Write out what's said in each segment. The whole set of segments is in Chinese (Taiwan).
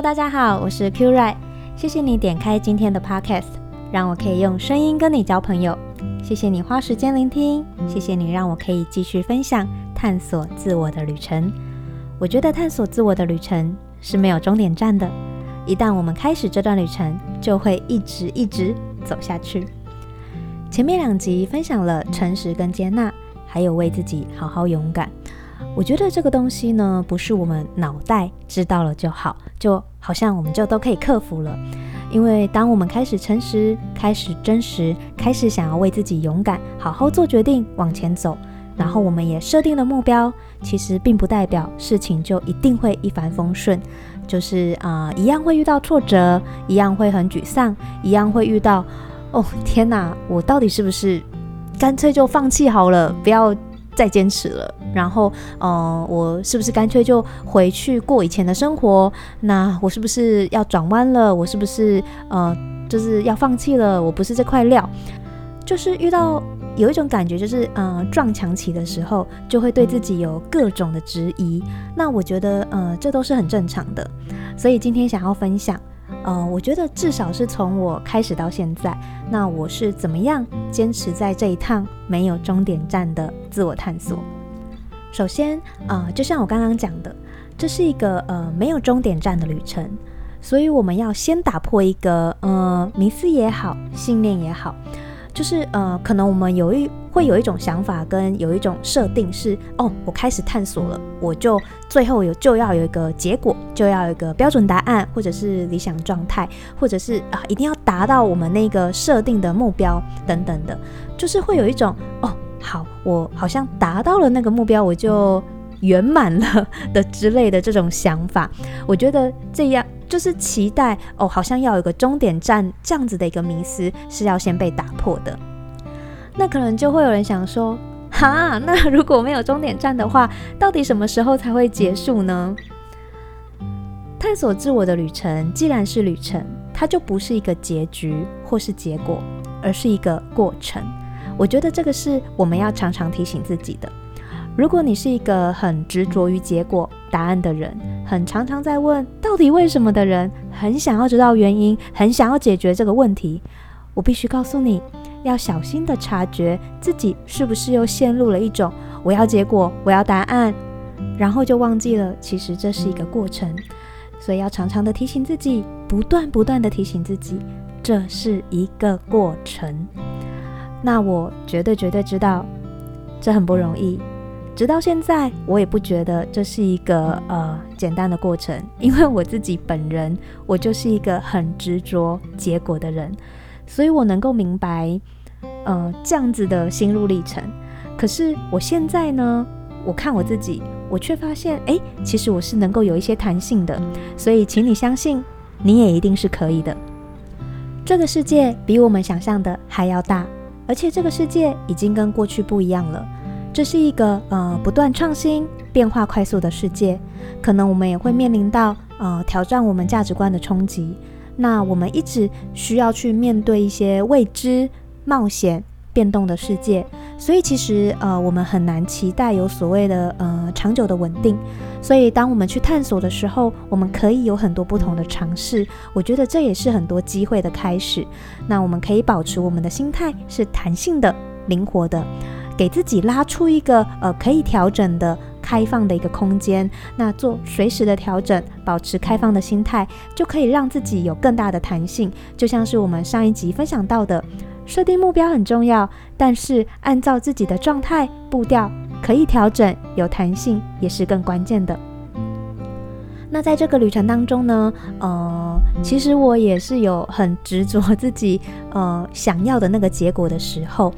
Hello, 大家好，我是 QRide，謝謝你點開今天的 podcast，讓我可以用聲音跟你交朋友。謝謝你花時間聆聽，謝謝你讓我可以繼續分享探索自我的旅程。我覺得探索自我的旅程是沒有終點站的，一旦我們開始這段旅程，就會一直一直走下去。前面兩集分享了誠實跟接納，還有為自己好好勇敢。我覺得這個東西呢，不是我們腦袋知道了就好，就好像我們就都可以克服了。因為當我們開始誠實、開始真實、開始想要為自己勇敢、好好做決定、往前走，然後我們也設定了目標，其實並不代表事情就一定會一帆風順，就是啊，呃，一樣會遇到挫折，一樣會很沮喪，一樣會遇到哦，天哪，我到底是不是乾脆就放棄好了，不要再堅持了，然後，呃，我是不是乾脆就回去過以前的生活？那我是不是要轉彎了？我是不是，呃，就是要放棄了？我不是這塊料，就是遇到有一種感覺，就是，呃，撞牆期的時候，就會對自己有各種的質疑。那我覺得，呃，這都是很正常的。所以今天想要分享，呃，我覺得至少是從我開始到現在，那我是怎麼樣堅持在這一趟沒有終點站的自我探索？首先，呃，就像我剛剛講的，這是一個呃沒有終點站的旅程，所以我們要先打破一個呃迷思也好，信念也好，就是呃可能我們猶豫。會有一種想法跟有一種設定是，哦，我開始探索了，我就最後有就要有一個結果，就要有一個標準答案，或者是理想狀態，或者是啊、呃、一定要達到我們那個設定的目標等等的，就是會有一種哦好，我好像達到了那個目標，我就圓滿了的之類的這種想法。我覺得這樣就是期待哦，好像要有一個終點站這樣子的一個迷思是要先被打破的。那可能就會有人想說，哈、啊，那如果沒有終點站的話，到底什麼時候才會結束呢？探索自我的旅程，既然是旅程，它就不是一個結局或是結果，而是一個過程。我覺得這個是我們要常常提醒自己的。如果你是一個很執着於結果、答案的人，很常常在問到底為什麼的人，很想要知道原因，很想要解決這個問題。我必須告訴你，要小心的察覺自己是不是又陷入了一種“我要結果，我要答案”，然後就忘記了其實這是一個過程。所以要常常的提醒自己，不斷不斷的提醒自己，這是一個過程。那我絕對絕對知道這很不容易，直到現在我也不覺得這是一個呃簡單的過程，因為我自己本人我就是一個很執着結果的人。所以，我能夠明白，呃，這樣子的心路歷程。可是，我現在呢，我看我自己，我卻發現，哎、欸，其實我是能夠有一些彈性的。所以，請你相信，你也一定是可以的。這個世界比我們想象的還要大，而且這個世界已經跟過去不一樣了。這是一個呃不斷創新、變化快速的世界，可能我們也會面臨到呃挑戰我們價值觀的衝擊。那我們一直需要去面對一些未知、冒險、變動的世界，所以其實呃，我們很難期待有所謂的呃長久的穩定。所以當我們去探索的時候，我們可以有很多不同的嘗試。我覺得這也是很多機會的開始。那我們可以保持我們的心態是彈性的、靈活的，給自己拉出一個呃可以調整的。開放的一個空間，那做隨時的調整，保持開放的心態，就可以讓自己有更大的彈性。就像是我們上一集分享到的，設定目標很重要，但是按照自己的狀態步調可以調整，有彈性也是更關鍵的。那在這個旅程當中呢，呃，其實我也是有很執着自己呃想要的那個結果的時候。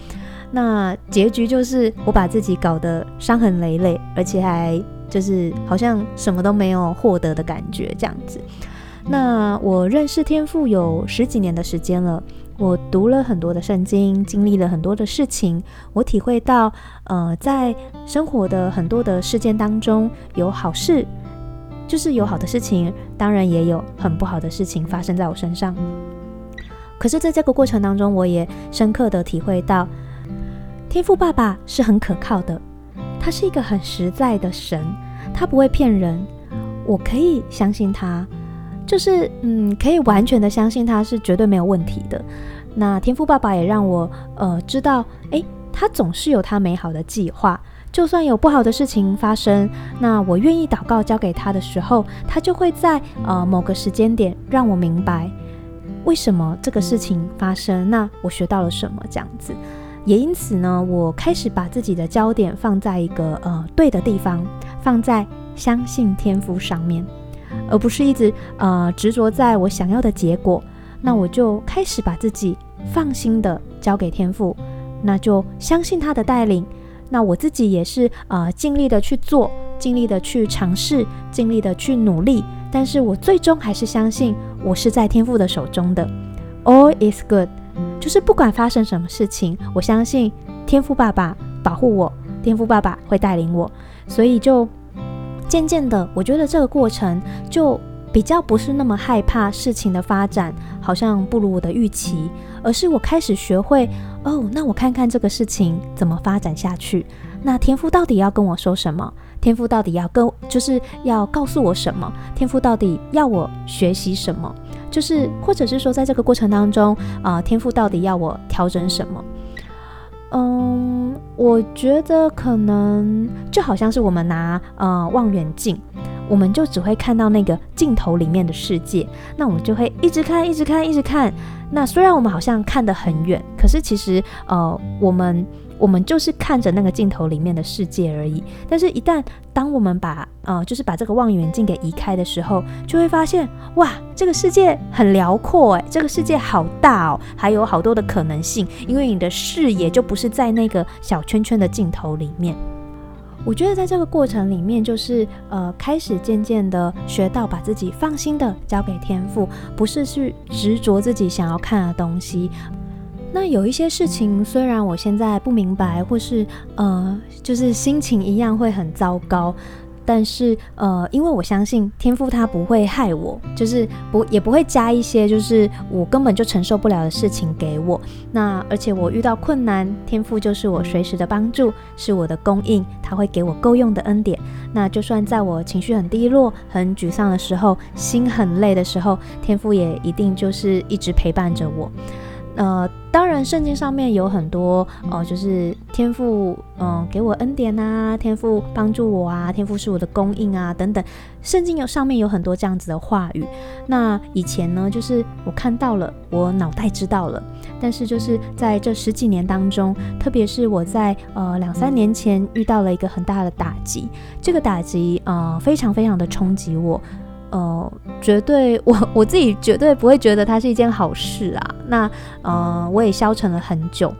那結局就是我把自己搞得傷痕累累，而且還就是好像什麼都沒有獲得的感覺這樣子。那我認識天父有十幾年的時間了，我讀了很多的聖經，經歷了很多的事情，我體會到，呃，在生活的很多的事件當中，有好事，就是有好的事情，當然也有很不好的事情發生在我身上。可是在這個過程當中，我也深刻的體會到，天父爸爸是很可靠的，他是一個很實在的神，他不會騙人，我可以相信他，就是嗯，可以完全的相信他是絕對沒有問題的。那天父爸爸也讓我呃知道，誒，他總是有他美好的計劃，就算有不好的事情發生，那我願意禱告交給他的時候，他就會在呃某個時間點讓我明白為什麼這個事情發生，那我學到了什麼這樣子。也因此呢，我開始把自己的焦點放在一個呃對的地方，放在相信天父上面，而不是一直呃執着在我想要的結果。那我就開始把自己放心的交給天父，那就相信他的帶領。那我自己也是呃盡力的去做，盡力的去嘗試，盡力的去努力。但是我最終還是相信我是在天父的手中的，All is good。就是不管發生什麼事情，我相信天父爸爸保護我，天父爸爸會帶領我，所以就漸漸的，我覺得這個過程就比較不是那麼害怕事情的發展，好像不如我的預期，而是我開始學會哦，那我看看這個事情怎麼發展下去，那天父到底要跟我說什麼？天父到底要跟就是要告訴我什麼？天父到底要我學習什麼？就是，或者是說，在這個過程當中，啊、呃，天父到底要我調整什麼？嗯，我覺得可能就好像是我們拿呃望遠鏡，我們就只會看到那個鏡頭裡面的世界，那我們就會一直看，一直看，一直看。那雖然我們好像看得很遠，可是其實呃，我們。我們就是看着那個鏡頭裡面的世界而已，但是，一旦當我們把呃，就是把這個望遠鏡給移開的時候，就會發現，哇，這個世界很遼闊欸，這個世界好大哦，還有好多的可能性，因為你的視野就不是在那個小圈圈的鏡頭裡面。我覺得在這個過程裡面，就是呃，開始漸漸的學到把自己放心的交給天父，不是去執着自己想要看的東西。那有一些事情，雖然我現在不明白，或是呃，就是心情一樣會很糟糕，但是呃，因為我相信天父他不會害我，就是不也不會加一些就是我根本就承受不了的事情給我。那而且我遇到困難，天父就是我隨時的幫助，是我的供應，他會給我夠用的恩典。那就算在我情緒很低落、很沮喪的時候，心很累的時候，天父也一定就是一直陪伴着我。呃，當然，聖經上面有很多呃，就是天父，嗯、呃，給我恩典吶、啊，天父幫助我啊，天父是我的供應啊，等等。聖經有上面有很多這樣子的話語。那以前呢，就是我看到了，我腦袋知道了。但是就是在這十幾年當中，特別是我在呃兩三年前遇到了一個很大的打擊，這個打擊呃非常非常的衝擊我。呃，絕對，我我自己絕對不會覺得它是一件好事啊。那呃，我也消沉了很久，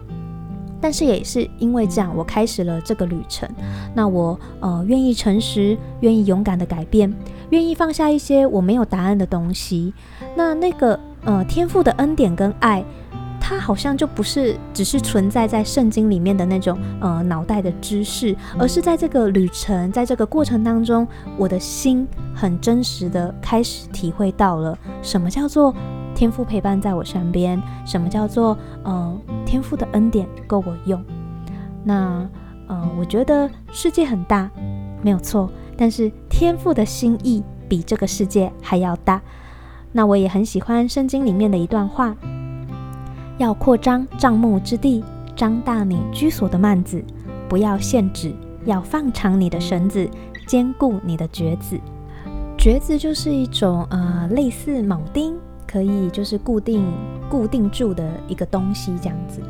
但是也是因為這樣，我開始了這個旅程。那我呃，願意誠實，願意勇敢的改變，願意放下一些我沒有答案的東西。那那個呃，天父的恩典跟愛。它好像就不是只是存在在聖經裡面的那種呃腦袋的知識，而是在這個旅程，在這個過程當中，我的心很真實的開始體會到了什麼叫做天父陪伴在我身邊，什麼叫做嗯、呃、天父的恩典夠我用。那嗯、呃，我覺得世界很大，沒有錯，但是天父的心意比這個世界還要大。那我也很喜歡聖經裡面的一段話。要擴張帳幕之地，張大你居所的幔子，不要限制，要放長你的繩子，堅固你的橛子。橛子就是一種呃類似鉚釘，可以就是固定固定住的一個東西這樣子。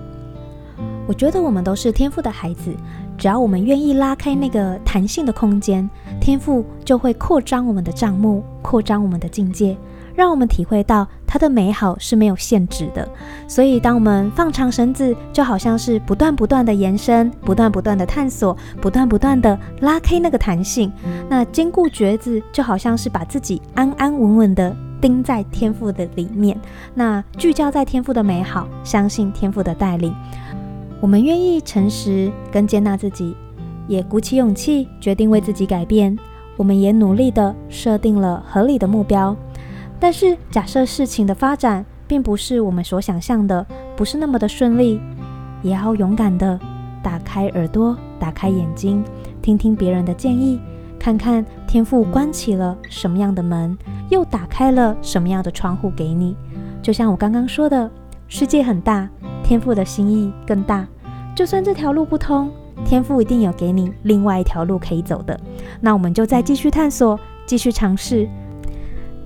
我覺得我們都是天父的孩子，只要我們願意拉開那個彈性的空間，天父就會擴張我們的帳幕，擴張我們的境界，讓我們體會到。它的美好是沒有限制的，所以當我們放長繩子，就好像是不斷不斷的延伸，不斷不斷的探索，不斷不斷的拉開那個彈性。那堅固橛子就好像是把自己安安穩穩的釘在天父的裡面，那聚焦在天父的美好，相信天父的帶領，我們願意誠實跟接納自己，也鼓起勇氣決定為自己改變，我們也努力的設定了合理的目標。但是，假設事情的發展並不是我們所想象的，不是那麼的順利，也要勇敢的打開耳朵，打開眼睛，聽聽別人的建議，看看天父關起了什麼樣的門，又打開了什麼樣的窗戶給你。就像我剛剛說的，世界很大，天父的心意更大。就算這條路不通，天父一定有給你另外一條路可以走的。那我們就再繼續探索，繼續嘗試。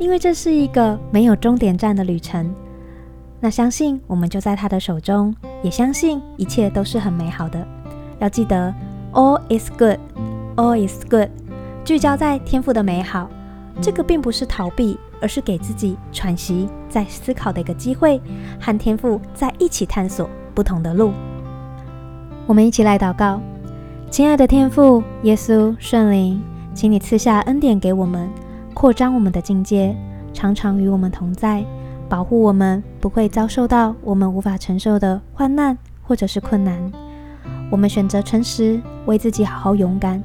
因為這是一個沒有終點站的旅程，那相信我們就在他的手中，也相信一切都是很美好的。要記得，All is good, All is good。聚焦在天父的美好，這個並不是逃避，而是給自己喘息、在思考的一個機會，和天父在一起探索不同的路。我們一起來禱告，親愛的天父耶穌聖靈，請你賜下恩典給我們。擴張我們的境界，常常與我們同在，保護我們不會遭受到我們無法承受的患難或者是困難。我們選擇誠實，為自己好好勇敢。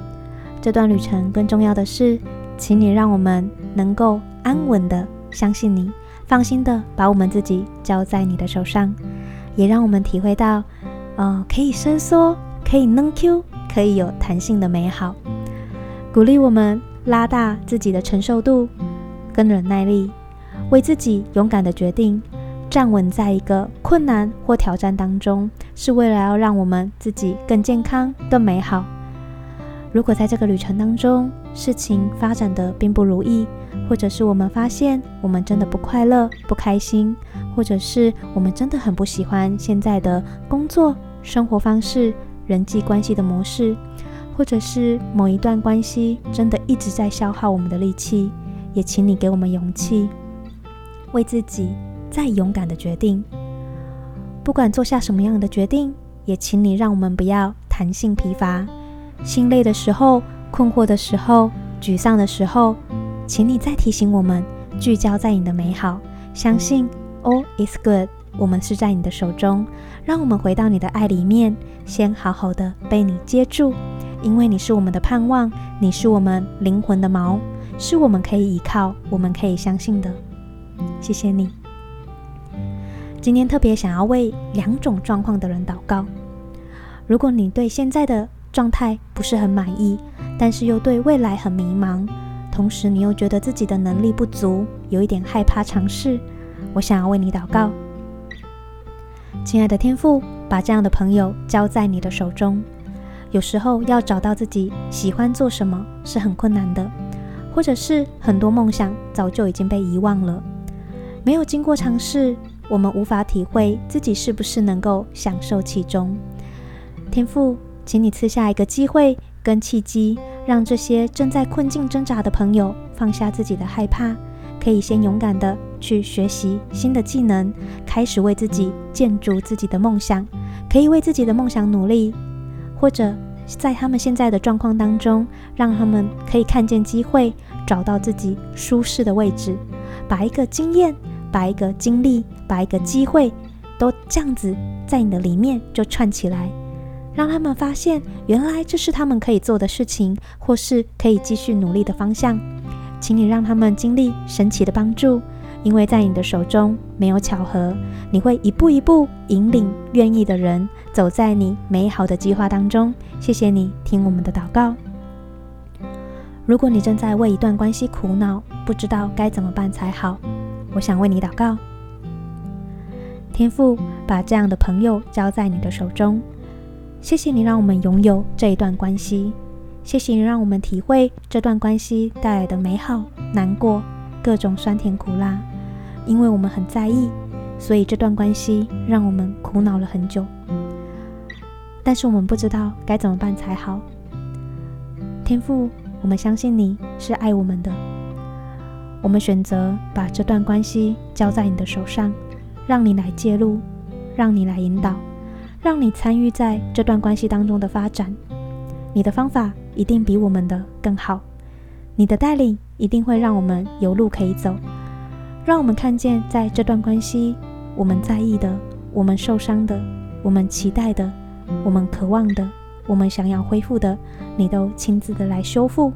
這段旅程更重要的是，請你讓我們能夠安穩的相信你，放心的把我們自己交在你的手上，也讓我們體會到，呃，可以伸縮，可以能 Q，可以有彈性的美好，鼓勵我們。拉大自己的承受度跟忍耐力，為自己勇敢的決定站穩在一個困難或挑戰當中，是為了要讓我們自己更健康、更美好。如果在這個旅程當中，事情發展得並不如意，或者是我們發現我們真的不快樂、不開心，或者是我們真的很不喜歡現在的工作、生活方式、人際關係的模式。或者是某一段關係真的一直在消耗我們的力氣，也請你給我們勇氣，為自己再勇敢的決定。不管做下什麼樣的決定，也請你讓我們不要彈性疲乏，心累的時候、困惑的時候、沮喪的時候，請你再提醒我們聚焦在你的美好，相信 All is good。我們是在你的手中，讓我們回到你的愛裡面，先好好的被你接住。因為你是我們的盼望，你是我們靈魂的錨，是我們可以依靠、我們可以相信的、嗯。謝謝你。今天特別想要為兩種狀況的人禱告：如果你對現在的狀態不是很滿意，但是又對未來很迷茫，同時你又覺得自己的能力不足，有一點害怕嘗試，我想要為你禱告。親愛的天父，把這樣的朋友交在你的手中。有時候要找到自己喜歡做什麼是很困難的，或者是很多夢想早就已經被遺忘了。沒有經過嘗試，我們無法體會自己是不是能夠享受其中。天父，請你賜下一個機會跟契機，讓這些正在困境掙扎的朋友放下自己的害怕，可以先勇敢的去學習新的技能，開始為自己建築自己的夢想，可以為自己的夢想努力。或者在他們現在的狀況當中，讓他們可以看見機會，找到自己舒適的位置，把一個經驗，把一個經歷，把一個機會，都這樣子在你的裡面就串起來，讓他們發現原來這是他們可以做的事情，或是可以繼續努力的方向，請你讓他們經歷神奇的幫助。因為在你的手中沒有巧合，你會一步一步引領願意的人走在你美好的計劃當中。謝謝你聽我們的禱告。如果你正在為一段關係苦惱，不知道該怎麼辦才好，我想為你禱告。天父，把這樣的朋友交在你的手中。謝謝你讓我們擁有這一段關係，謝謝你讓我們體會這段關係帶來的美好、難過、各種酸甜苦辣。因為我們很在意，所以這段關係讓我們苦惱了很久。但是我們不知道該怎麼辦才好。天父，我們相信你是愛我們的，我們選擇把這段關係交在你的手上，讓你來介入，讓你來引導，讓你參與在這段關係當中的發展。你的方法一定比我們的更好，你的帶領一定會讓我們有路可以走。讓我們看見，在這段關係，我們在意的，我們受傷的，我們期待的，我們渴望的，我們想要恢復的，你都親自的來修復。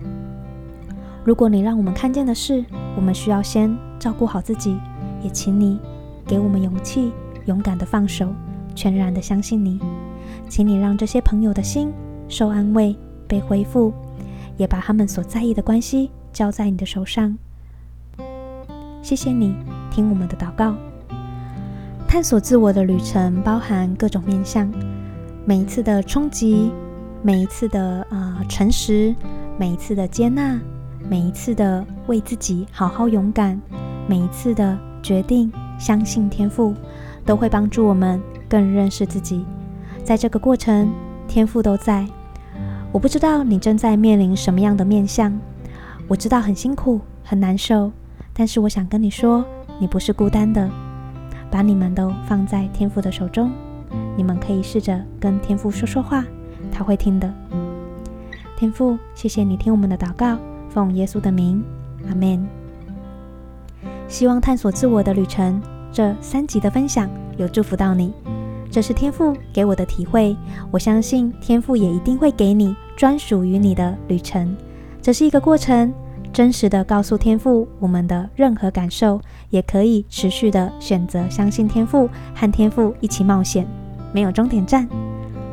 如果你讓我們看見的是，我們需要先照顧好自己，也請你給我們勇氣，勇敢的放手，全然的相信你，請你讓這些朋友的心受安慰、被恢復，也把他們所在意的關係交在你的手上。謝謝你聽我們的禱告。探索自我的旅程包含各種面向，每一次的衝擊，每一次的呃誠實，每一次的接納，每一次的為自己好好勇敢，每一次的決定相信天父，都會幫助我們更認識自己。在這個過程，天父都在。我不知道你正在面臨什麼樣的面向，我知道很辛苦，很難受。但是我想跟你說，你不是孤單的，把你們都放在天父的手中，你們可以試着跟天父說說話，他會聽的。天父，謝謝你聽我們的禱告，奉耶穌的名，阿門。希望探索自我的旅程這三集的分享有祝福到你，這是天父給我的體會，我相信天父也一定會給你專屬於你的旅程，這是一個過程。真實的告訴天父我們的任何感受，也可以持續的選擇相信天父和天父一起冒險，沒有終點站。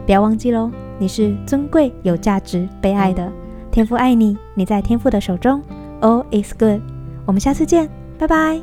不要忘記嘍，你是尊貴、有價值、被愛的。天父愛你，你在天父的手中，All is good。我們下次見，拜拜。